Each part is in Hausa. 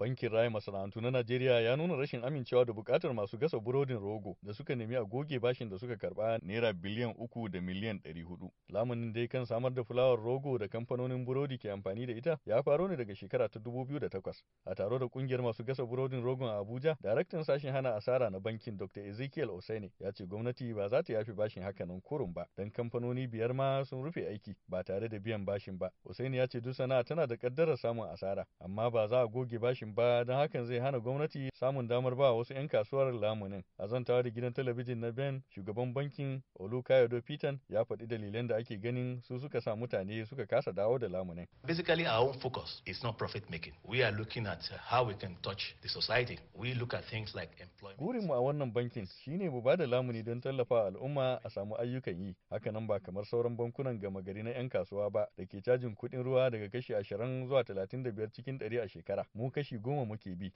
Bankin Raya Masana'antu na Najeriya ya nuna rashin amincewa da bukatar masu gasa burodin rogo da suka nemi a goge bashin da suka karba naira biliyan uku da miliyan ɗari hudu. Lamunin dai kan samar da fulawar rogo da kamfanonin burodi ke amfani da ita ya faro ne daga shekara ta dubu biyu da takwas. A taro da kungiyar masu gasa burodin rogon a Abuja, daraktan sashen hana asara na bankin Dr. Ezekiel Osaine ya ce gwamnati ba za ta yafi bashin hakanan kurun ba, don kamfanoni biyar ma sun rufe aiki ba tare da biyan bashin ba. Osaine ya ce duk sana'a tana da kaddarar samun asara, amma ba za a goge bashin ba don hakan zai hana gwamnati samun damar ba wasu 'yan kasuwar lamunin. A zantawa da gidan talabijin na Ben, shugaban bankin Olukayodo Pitan ya faɗi dalilan da ake ganin su suka sa mutane suka kasa dawo da lamunin. Basically our own focus is not profit making. We are looking at how we can touch the society. We look at things like employment. Gurinmu a wannan bankin shine mu ba da lamuni don tallafa al'umma a samu ayyukan yi. Hakanan ba kamar sauran bankunan gama gari na 'yan kasuwa ba da ke cajin kuɗin ruwa daga kashi 20 zuwa 35 cikin 100 a shekara. Mu kashi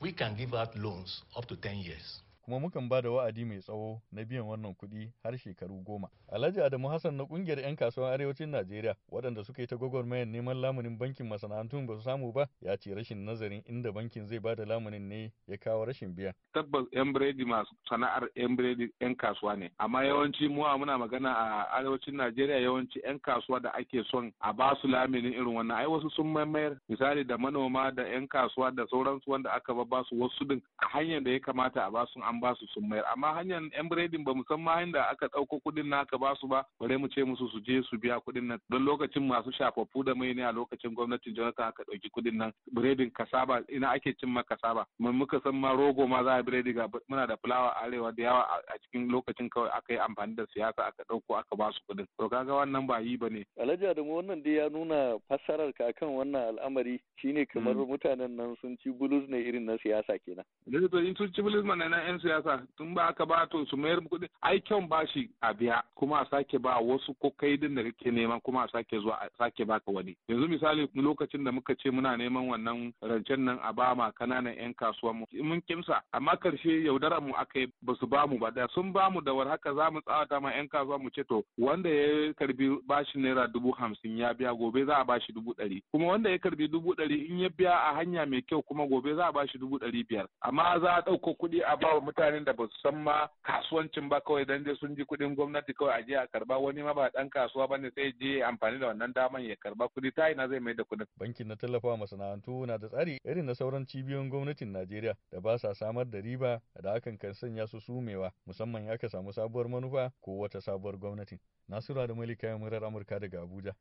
We can give out loans up to 10 years. kuma mukan ba da wa'adi mai tsawo na biyan wannan kuɗi har shekaru goma. Alhaji Adamu Hassan na ƙungiyar 'yan kasuwan arewacin Najeriya waɗanda suka yi ta gwagwarmayar neman lamunin bankin masana'antun ba su samu ba ya ce rashin nazarin inda bankin zai ba da lamunin ne ya kawo rashin biya. Tabbas 'yan biredi masu sana'ar 'yan biredi 'yan kasuwa ne amma yawanci muwa muna magana a arewacin Najeriya yawanci 'yan kasuwa da ake son a ba su laminin irin wannan ai wasu sun mayar misali da manoma da 'yan kasuwa da sauransu wanda aka ba su wasu din a hanyar da ya kamata a ba su an ba su sun mayar amma hanyar yan biredin ba san ma da aka ɗauko kuɗin na aka ba su ba bare mu ce musu su je su biya kuɗin nan don lokacin masu shafaffu da mai ne a lokacin gwamnatin jonathan aka ɗauki kuɗin nan biredin kasaba ina ake cin ma kasaba mun muka san ma rogo ma za a biredi ga muna da fulawa arewa da yawa a cikin lokacin kawai aka yi amfani da siyasa aka ɗauko aka ba su kuɗin to kaga wannan ba yi ba ne. alhaji adamu wannan dai ya nuna fassarar ka kan wannan al'amari shine kamar hmm. mutanen nan sun ci bulus ne irin na siyasa kenan. in sun ci bulus ma na yan siyasa tun ba aka ba to su mayar kuɗi ai kyan bashi a biya kuma a sake ba wasu ko kai din da kake neman kuma a sake zuwa a sake baka wani yanzu misali lokacin da muka ce muna neman wannan rancen nan a ba ma kananan yan kasuwan mu mun kimsa amma karshe yaudarar mu aka yi ba su ba mu ba da sun ba mu da war haka za mu tsawata ma yan kasuwa mu ce to wanda ya karbi bashi naira dubu hamsin ya biya gobe za a bashi dubu ɗari kuma wanda ya karbi dubu ɗari in ya biya a hanya mai kyau kuma gobe za a bashi dubu ɗari biyar amma za a ɗauko kuɗi a ba mu. mutanen da ba su san ma kasuwancin ba kawai dan je sun ji kuɗin gwamnati kawai a je a karba wani ma ba dan kasuwa bane sai je amfani da wannan daman ya karba kuɗi ta ina zai mai da kuɗin. Bankin na tallafawa masana'antu na da tsari irin na sauran cibiyoyin gwamnatin Najeriya da ba sa samar da riba da hakan kan sanya su sumewa musamman ya ka samu sabuwar manufa ko wata sabuwar gwamnatin. Nasiru da Malika murar Amurka daga Abuja,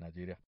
Najeriya.